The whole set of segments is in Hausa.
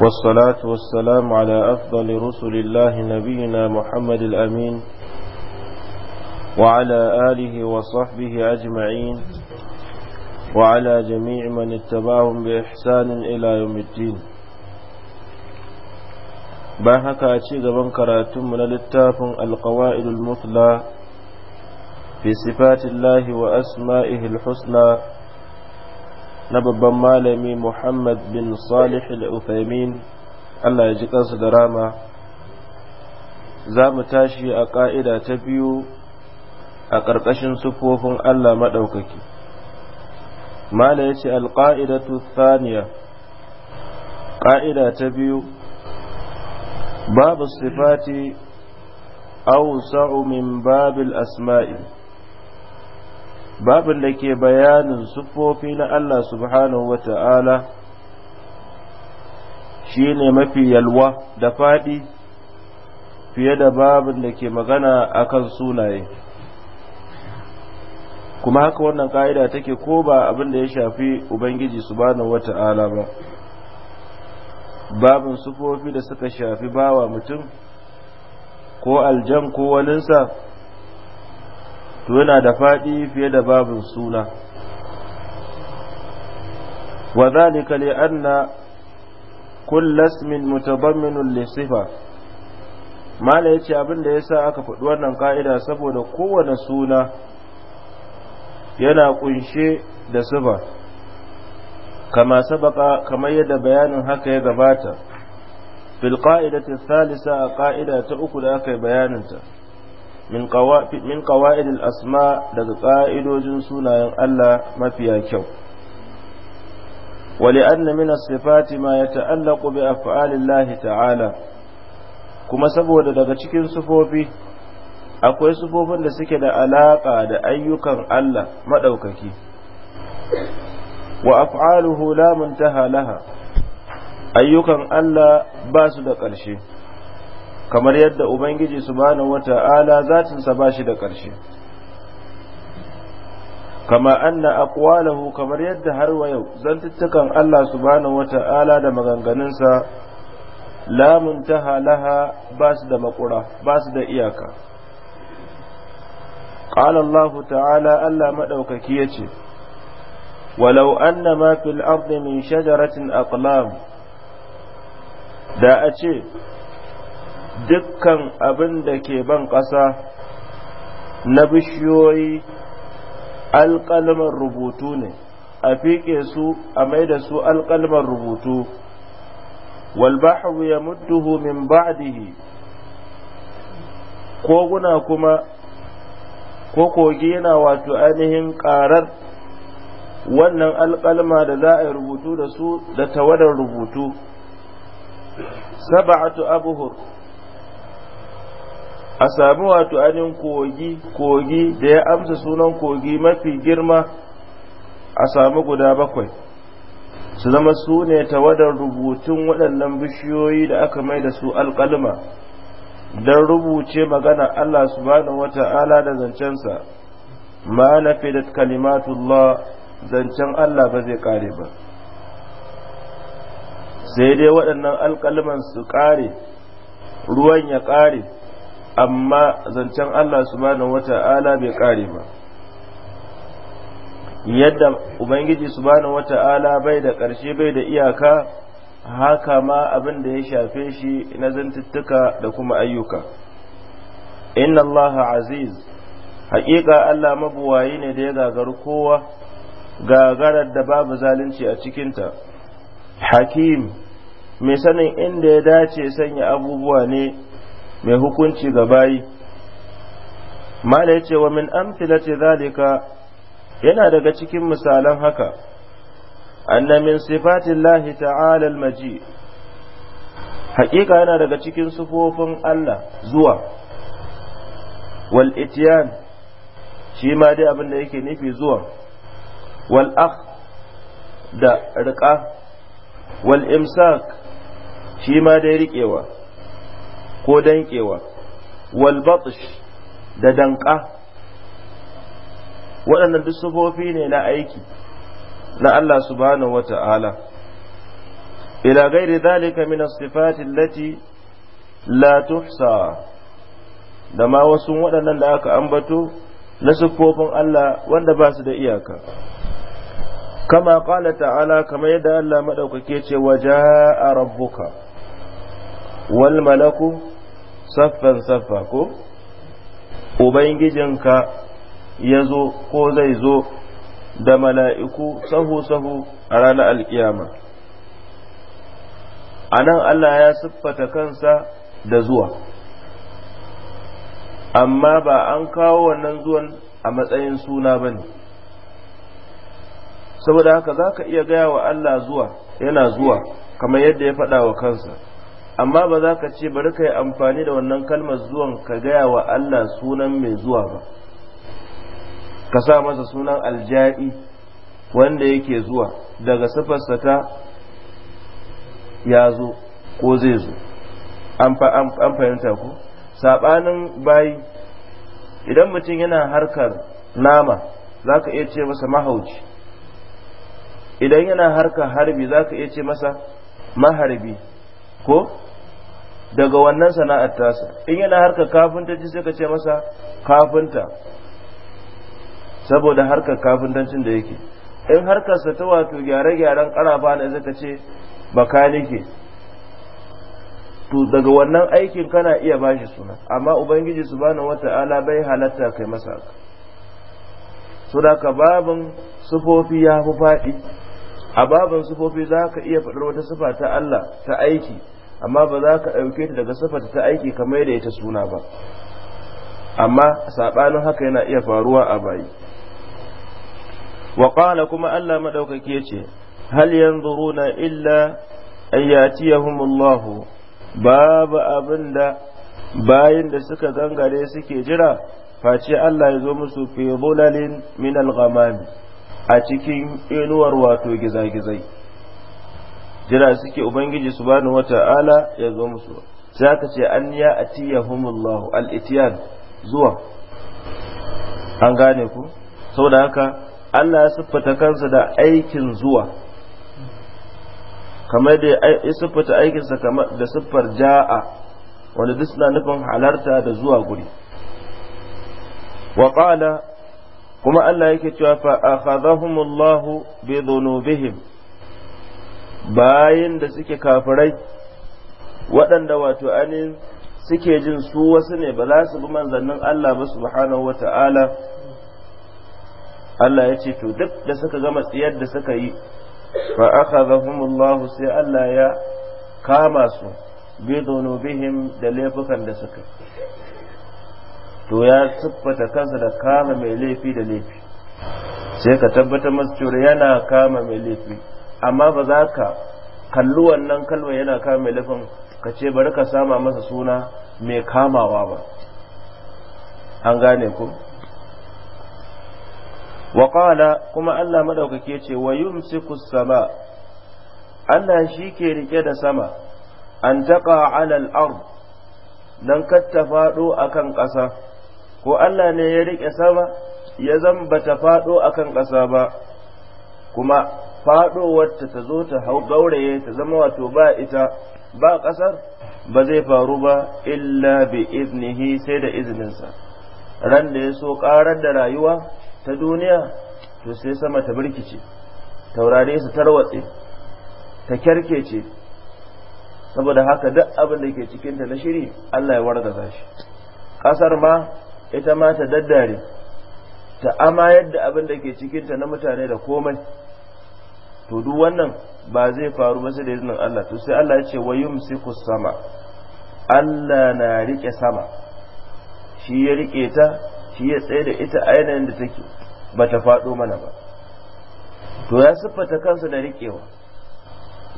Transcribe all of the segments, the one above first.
والصلاة والسلام على أفضل رسل الله نبينا محمد الأمين وعلى آله وصحبه أجمعين وعلى جميع من اتبعهم بإحسان إلى يوم الدين bayan haka a ci gaban karatunmu na littafin alkawa'idul mutla fi sifatillahi wa asma'ihi husna na babban malami Muhammad bin Salih al Allah ya ji kansa da rama za mu tashi a ƙa'ida ta biyu a ƙarƙashin sufofin Allah maɗaukaki mala ya ce alƙa'idatu Saniya, ƙa'ida ta biyu babu sifati awsa'u min babil asma'i babin da ke bayanin sufofi na Allah subhanahu wa ta'ala, shi ne mafi yalwa da faɗi fiye da babin da ke magana akan sunaye kuma haka wannan ka'ida take ko ba abin da ya shafi ubangiji subhanahu ta'ala ba babin sufofi da suka shafi bawa mutum ko aljan ko waninsa to yana da faɗi fiye da babin suna wa zalika li anna kulla ismin mutadamminun li sifa mala yace abin da yasa aka faɗi wannan ka'ida saboda kowane suna yana kunshe da sifa kama sabaka kamar yadda bayanin haka ya gabata fil qa'idati thalitha qa'ida ta uku da aka yi ta min ƙawa'idil asma daga ƙa'idojin sunayen Allah mafiya kyau wali anna sifati ma ya ta'allaku bi af'alillahi ta'ala kuma saboda daga cikin sufofi akwai sufofin da suke da alaƙa da ayyukan Allah maɗaukaki wa af'aluhu la muntaha ayyukan Allah ba su da ƙarshe kamar yadda ubangiji subhanahu wata'ala zatinsa ba shi da ƙarshe kama anna aqwalahu kamar yadda har wa yau zantuttukan Allah subhanahu wata'ala da maganganunsa la muntaha laha ba su da makura ba da iyaka qala Allah ta'ala Allah madaukaki yace walau anna ma fil ardi min shajaratin aqlam da a ce dukkan abin da ke ban ƙasa na bishiyoyi alƙalman rubutu ne a fiƙe su a mai da su alƙalman rubutu walbahu ya mudduhu min ba'dihi koguna kuma ko kogi yana wato ainihin ƙarar wannan alƙalma da za a yi rubutu da su da tawadar rubutu saba'atu abuhur a sami wato anin kogi kogi da ya amsa sunan kogi mafi girma a sami guda bakwai su zama su ne tawadar rubutun waɗannan bishiyoyi da aka mai da su alƙalma don rubuce magana Allah su wata'ala da zancensa ma na fidat kalimatullah zancen Allah ba zai ƙare ba sai dai waɗannan alƙalman su ƙare ruwan ya ƙare amma zancen Allah subhanahu wata'ala bai kare ba yadda ubangiji subhanahu wata'ala bai da ƙarshe bai da iyaka haka ma abin da ya shafe shi na zantuttuka da kuma ayyuka inna Allah aziz haƙiƙa Allah mabuwayi ne da ya gagaru kowa gagarar da babu zalunci a cikinta hakim mai sanin inda ya dace sanya abubuwa ne mai hukunci ga bayi mala ya ce wa min amthilati zalika yana daga cikin misalan haka anna min sifatillahi ta'ala halal maji haƙiƙa yana daga cikin sifofin Allah zuwa wal ityan shi ma dai abin da yake nufi zuwa wal akh da riƙa wal imsak shi ma dai riƙewa ko danƙewa wal batsh da danka waɗannan duk sufofi ne na aiki na Allah subhanahu wata'ala ila gairi zalika min sifati lati, la tuhsa da ma wasu waɗannan da aka ambato na siffofin Allah wanda ba su da iyaka kama qala ta'ala kamar yadda Allah maɗaukake ce a rabbuka wal malaku saffan saffa ko ubangijinka ya zo ko zai zo da mala'iku sahu-sahu a ranar alkiyama a nan Allah ya siffata kansa da zuwa amma ba an kawo wannan zuwan a matsayin suna ba ne saboda haka za ka iya gaya wa Allah zuwa yana zuwa kamar yadda ya faɗa wa kansa amma ba za ka ce bari ka yi amfani da wannan kalmar zuwan ka gaya wa Allah sunan mai zuwa ba ka sa masa sunan alja'i wanda yake zuwa daga sifarsa ta ya zo ko zai zo an fahimta ku saɓanin bayi idan mutum yana harkar nama za ka iya ce masa mahauci idan yana harkar harbi za ka iya ce masa maharbi ko daga wannan sana'ar tasa in yana harkar kafintanci sai ka ce masa kafinta saboda harkar kafintancin da yake in harkarsa ta wato gyare-gyaren karafa ne zai ka ce makanike to daga wannan aikin kana iya bashi suna amma ubangiji subhanahu wata'ala bai halatta kai masa haka so da ka babin sufofi ya fi faɗi a babin sufofi za ka iya faɗar wata sifa ta Allah ta aiki amma ba za ka ɗauke ta daga sifata ta aiki kamar da ita suna ba amma saɓanin haka yana iya faruwa a bayi wa kuma Allah maɗaukaki ce hal yanzuruna illa an yatiyahumullahu babu abin da bayin da suka gangare suke jira face Allah ya zo musu fi zulalin min al a cikin inuwar wato gizagizai jira suke ubangiji subhanahu wata'ala ya zo musu sai aka ce an ya atiyahumullahu al-itiyan zuwa an gane ku saboda haka Allah ya siffata kansa da aikin zuwa kamar da ya siffata aikinsa kamar da siffar ja'a wanda duk suna nufin halarta da zuwa guri wa qala kuma Allah yake cewa fa akhadhahumullahu bi dhunubihim bayin da suke kafirai waɗanda wato anin suke jin su wasu ne ba za su bi manzannin Allah ba subhanahu wa ta'ala Allah ya ce to duk da suka gama tsiyar da suka yi fa akhadhahumullahu sai Allah ya kama su bi dhunubihim da laifukan da suka to ya siffata kansa da kama mai laifi da laifi sai ka tabbatar masu cewa yana kama mai laifi amma ba za ka kalli wannan kalmar yana kama mai lafin ka ce bari ka sama masa suna mai kamawa ba an gane ku waƙala kuma allah maɗaukake ce wa yumsiku sama allah shi ke rike da sama an taƙa alal arm don katta faɗo a kan ƙasa ko allah ne ya rike sama ya zamba ta faɗo a kan ƙasa ba kuma faɗowarta ta zo ta hau gauraye ta zama wato ba ita ba ƙasar ba zai faru ba illa bi iznihi sai da izininsa ran da ya so ƙarar da rayuwa ta duniya to sai sama ta birkice taurare su tarwatse ta kyarkece saboda haka duk abin da ke cikinta na shiri Allah ya wargaza shi ƙasar ma ita ma ta daddare ta amayar yadda abin da ke cikinta na mutane da komai to duk wannan ba zai faru ba sai da izinin Allah to sai Allah ya ce wa yumsiku sama Allah na rike sama shi ya rike ta shi ya tsaye da ita a yanayin da take ba ta faɗo mana ba to ya siffata kansa da riƙewa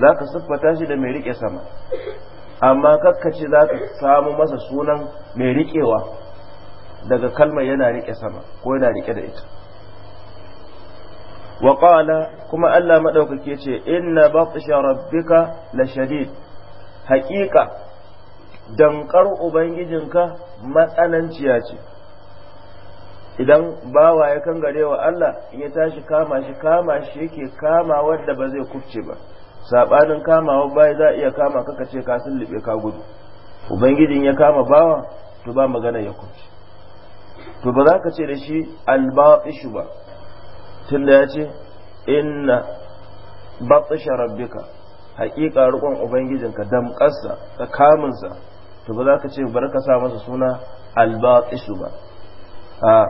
za ka siffata shi da mai riƙe sama amma kakkaci za ka samu masa sunan mai riƙewa daga kalmar yana rike sama ko yana rike da ita wa qala kuma Allah madaukake ce inna batsha rabbika la shadid haqiqa dankar ubangijinka matsananciya ce idan bawa ya kangare wa Allah ya tashi kama shi kama shi yake kama wanda ba zai kufce ba sabanin kamawa bai za iya kama kaka ce ka sullube ka gudu ubangijin ya kama bawa to ba magana ya kufce to ba za ka ce da shi albatishu ba tunda ya ce inna batsha rabbika haƙiƙa riƙon ubangijinka damƙarsa da kamunsa to ba za ka ce bar ka sa masa suna albatsu ba a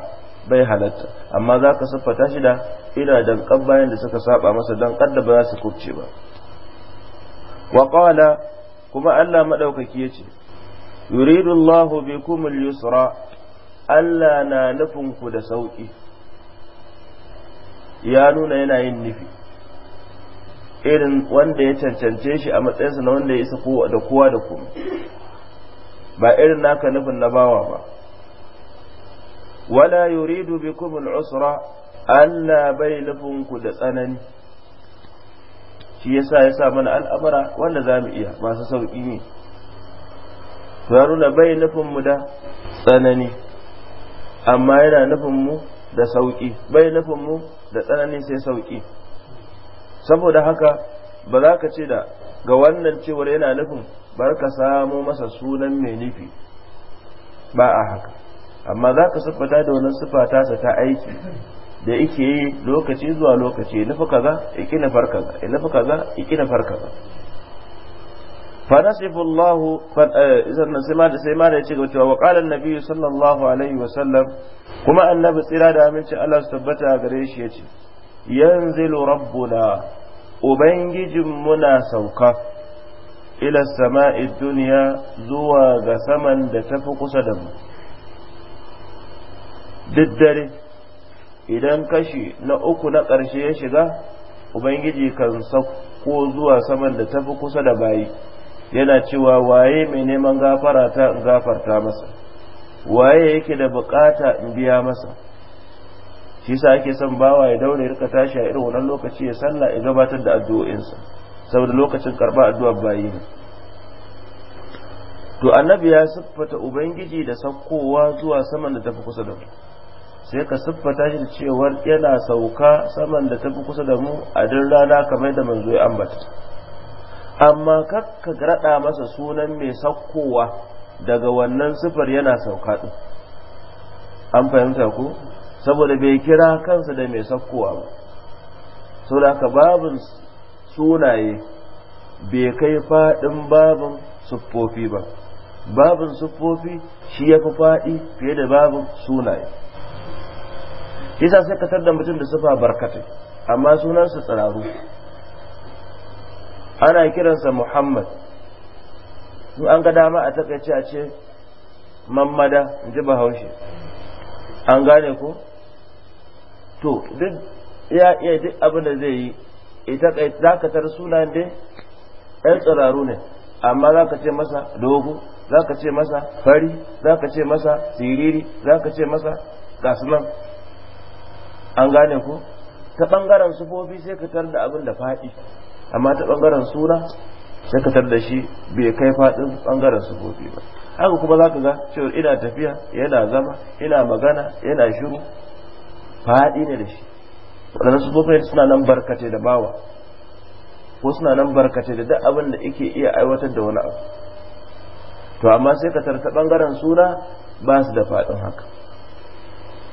bai halatta amma za ka siffata shi da ina dankan bayan da suka saba masa ƙar da ba za su kubce ba wa kuma Allah maɗaukaki yace yuridu Allahu bikum al-yusra Allah na nufinku da sauƙi. ya nuna yana yin nufi irin wanda ya cancance shi a matsayinsa na wanda ya isa da kowa da kuma ba irin naka nufin na bawa ba wala yuridu bikum al-usra Allah bai ku da tsanani shi yasa ya sa mana al'amara wanda za mu iya masu sauƙi ne ya nuna bai nufinmu da tsanani amma yana nufinmu da sauƙi bai nufin mu da tsanani sai sauƙi saboda haka ba za ka ce da ga wannan cewar yana nufin bar ka samo masa sunan mai nufi ba a haka amma za ka siffata da wani siffa tasa ta aiki da yake yi lokaci zuwa lokaci nufi kaza iki nufar kaza iki kaza iki nufar kaza fa eh, sai ma da ya ce ga cewa wa qala annabi sallallahu alaihi wa sallam kuma annabi tsira da aminci Allah su tabbata gare shi yace yanzilu rabbuna ubangijin muna sauka ila sama'i duniya zuwa ga saman da tafi kusa da mu duk idan kashi na uku na ƙarshe ya shiga ubangiji kan sauko zuwa saman da tafi kusa da bayi yana cewa waye mai neman gafara ta in gafarta masa waye yake da bukata in biya masa shi sa ake son bawa ya daure rika tashi a irin wannan lokaci ya salla ya gabatar da addu'o'insa saboda lokacin karba addu'ar bayi ne to annabi ya siffata ubangiji da saukowa zuwa saman da tafi kusa da mu sai ka siffata shi da cewar yana sauka saman da tafi kusa da mu a duk rana kamar da manzo ya ambata amma kakka raɗa masa sunan mai sakkowa daga wannan sifar yana sauka ɗin an fahimta ko saboda bai kira kansa da mai sakkowa ba saboda ka babin sunaye bai kai faɗin babin siffofi ba babin siffofi shi ya fi faɗi fiye da babin sunaye yasa sai ka da mutum da sufa barkatai amma sunansa tsiraru ana kiransa muhammad in an ga dama a takaice a ce mammada in ji bahaushe an gane ko to duk ya iya duk abin da zai yi ita kai dakatar suna dai yan tsiraru ne amma za ka ce masa dogo za ka ce masa fari za ka ce masa siriri za ka ce masa gasunan an gane ko ta ɓangaren sufofi sai ka tar da abin da faɗi amma ta bangaren suna ya da shi bai kai faɗin bangaren sufofi ba haka kuma za ka ga cewa ina tafiya yana zama ina magana yana shiru faɗi ne da shi waɗannan sufofin suna nan barkace da bawa ko suna nan barkace da duk abin da yake iya aiwatar da wani abu to amma sai ka tarta bangaren suna ba su da faɗin haka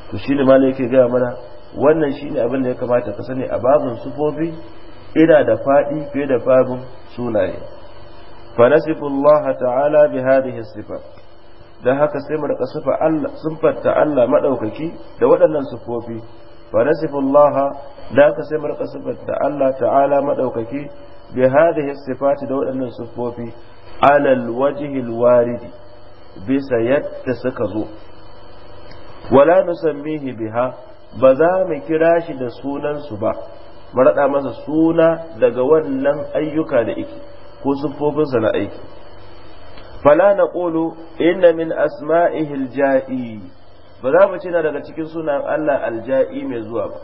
to shi ne ma yake gaya mana wannan shi ne abin da ya kamata ka sani a babin sufofi ina da faɗi fiye da faɗin sunaye fa nasifullah ta'ala bi hadhihi sifat da haka sai mu rika sifa Allah sifatta Allah madaukaki da waɗannan sifofi fa nasifullah da haka sai mu rika ta Allah ta'ala madaukaki bi hadhihi sifati da waɗannan sifofi ala alwajhi alwarid bisa yadda suka zo wala nusammihi biha ba za mu kira shi da sunan su ba mu raɗa masa suna daga wannan ayyuka da iki ko siffofinsa na aiki fala na ƙolo inna min asma'ihi alja'i ba za mu ce na daga cikin sunan Allah alja'i mai zuwa ba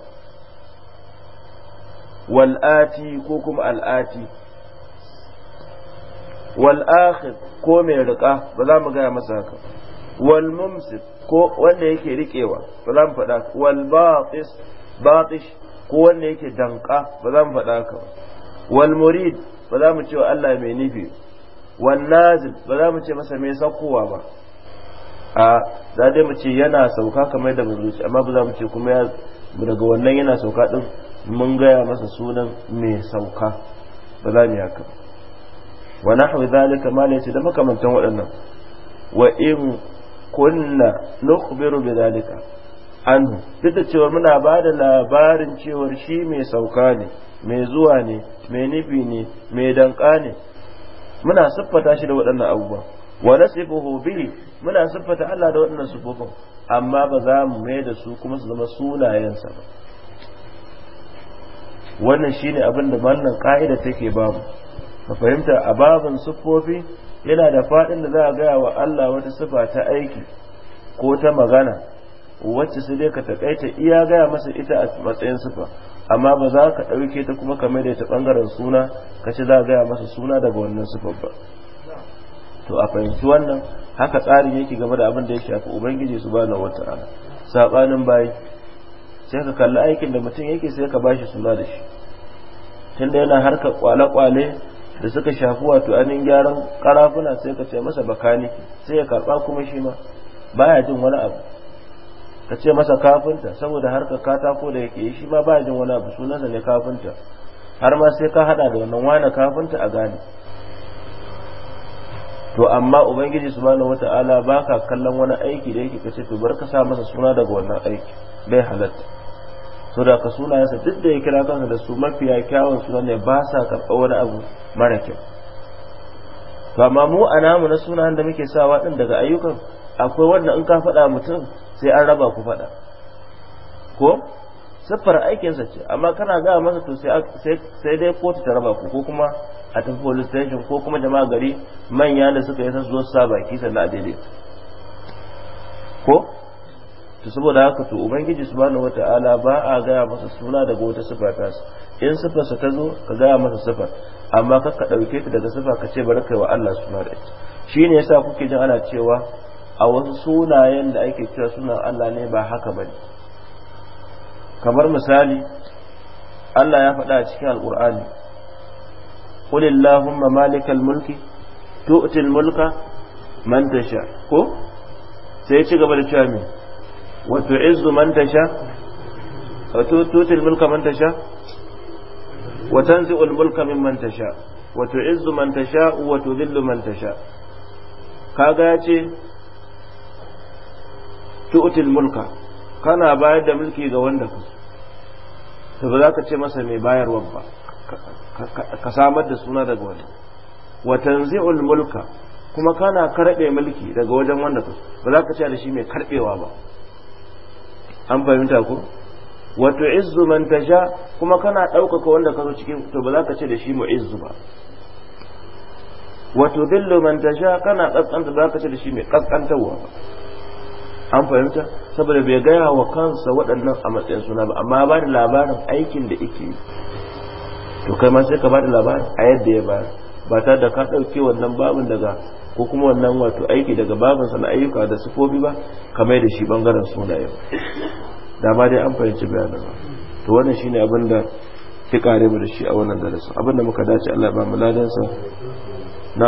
wal'ati ko kuma al'ati wal'akhir ko mai riƙa ba za mu gaya masa haka wal mumsik ko wanda yake riƙewa ba za mu faɗa wal batish ko wanda yake danka ba za mu faɗa ka ba wal murid ba za mu ce wa Allah mai nufi wal nazil ba za mu ce masa mai saukowa ba a za dai mu ce yana sauka kamar da mu amma ba za mu ce kuma ya daga wannan yana sauka din mun gaya masa sunan mai sauka ba za mu haka wa nahwi zalika ma laysa da makamantan waɗannan wa in kunna nukhbiru bi zalika anhu duk da cewa muna ba da labarin cewar shi mai sauka ne mai zuwa ne mai nufi ne mai danka ne muna siffata shi da waɗannan abubuwa wa nasibuhu bihi muna siffata Allah da waɗannan sifofin amma ba za mu mai da su kuma su zama sunayensa ba wannan shine abin da wannan ka'ida take babu ka fahimta a babin siffofi yana da faɗin da za a gaya wa Allah wata sifa ta aiki ko ta magana wacce sai dai ka takaita iya gaya masa ita a matsayin sifa amma ba za ka ɗauke ta kuma ka maida ta ɓangaren suna ka ce za gaya masa suna daga wannan sifar ba to a fahimci wannan haka tsarin yake game da abin da ya shafi ubangiji su bana wata ana saɓanin bayi sai ka kalli aikin da mutum yake sai ka bashi suna da shi tun da yana harka kwale-kwale da suka shafi wato anin gyaran karafuna sai ka ce masa bakaniki sai ya karɓa kuma shi ma baya jin wani abu ka ce masa kafinta saboda har ka katako da yake shi ma ba jin wani abu sunansa ne kafinta har ma sai ka hada da wannan wani kafinta a gane to amma ubangiji subhanahu wata'ala baka kallon wani aiki da yake kace to bar ka sa masa suna daga wannan aiki bai halatta so da ka sunayensa duk da ya kira kansa da su mafiya kyawun suna ne ba sa karɓar wani abu mara kyau to amma mu a namu na sunayen da muke sawa din daga ayyukan akwai wanda in ka faɗa mutum sai an raba ku faɗa ko siffar aikinsa ce amma kana gaya masa to sai dai kotu ta raba ku ko kuma a tafi police station ko kuma jama'a gari manya da suka yi sa zo sa baki sannan a daidai ko to saboda haka to ubangiji subhanahu wata'ala ba a gaya masa suna daga wata siffa ta in sa ta zo ka gaya masa sifar amma kar ɗauke ta daga sifa ka ce bari kai wa Allah suna da ita shine yasa kuke jin ana cewa a wasu sunayen da ake cewa sunan Allah ne ba haka ba ne kamar misali Allah ya faɗa a cikin alƙur'ani qul illahumma malikal mulki tu'til mulka man tasha ko sai ya ci gaba da cewa Wato wa tu'izzu man tasha wa tu'til mulka man tasha wa tanzi'ul mulka mimman tasha wa tu'izzu man tasha wa tudhillu man tasha kaga ya ce tu'til mulka kana bayar da mulki ga wanda ku to ba za ka ce masa mai bayarwa ba ka samar da suna daga wani wa tanzi'ul mulka kuma kana karbe mulki daga wajen wanda ku ba za ka ce da shi mai karbewa ba an fahimta ko wa tu'izzu man tasha kuma kana ɗaukaka wanda ka zo cikin to ba za ka ce da shi mu'izzu ba wa tudillu man tasha kana kaskanta za ka ce da shi mai kaskantarwa ba an fahimta saboda bai gaya wa kansa waɗannan a matsayin suna ba amma ba da labarin aikin da ike yi to kai ma sai ka ba da labarin a yadda ya ba ba tare da ka ɗauke wannan babin daga ko kuma wannan wato aiki daga babin sana ayyuka da sufofi ba ka mai da shi bangaren yau da ma dai an fahimci bayanin to wannan shine abin da ya kare mu da shi a wannan darasin abin da muka dace Allah ba mu ladansa na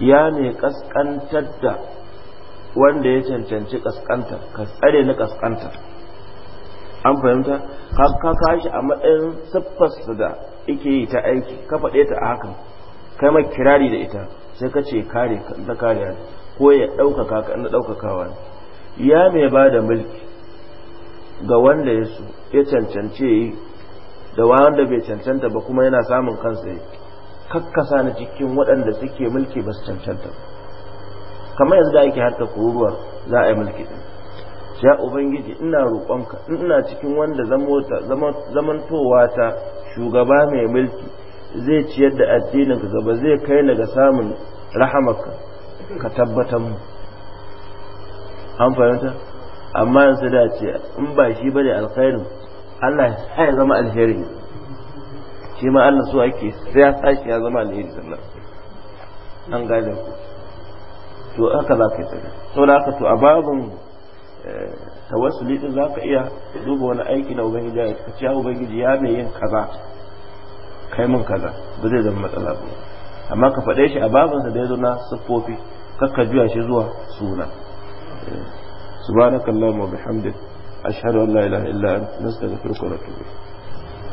ya ne kaskantar da wanda ya cancanci kaskanta ka tsare na kaskanta an fahimta ka kashi a matsayin siffarsa da ike yi ta aiki ka faɗe ta a hakan kai mai kirari da ita sai ka ce kare da kariya ko ya ɗaukaka ka na ɗaukakawa ya mai ba da mulki ga wanda ya so ya cancance yi da wanda bai cancanta ba kuma yana samun kansa yi. kakkasa ni cikin waɗanda suke mulki ba su cancanta kamar yanzu da ake harka kururuwa za a yi mulki din ya ubangiji ina roƙonka ina cikin wanda zamantowa ta shugaba mai mulki zai ciyar da addininka gaba zai kai ni ga samun rahamarka ka tabbatar mu an fahimta amma yanzu da ce in ba shi bane alkhairin Allah ya zama alheri shi ma Allah so ake sai ya sashi ya zama alheri sallar an gane ku to haka za ka yi tsari to da haka to a babin eh, tawassuli din za ka iya duba wani aiki na ubangiji ya ka ciya ubangiji ya mai yin kaza kai min kaza ba zai zama matsala ba amma ka faɗe shi a babinsa da ya zo na siffofi kakka juya shi zuwa suna eh, subhanakallahumma wa bihamdik ashhadu an la ilaha illa anta nastaghfiruka wa natubu ilayk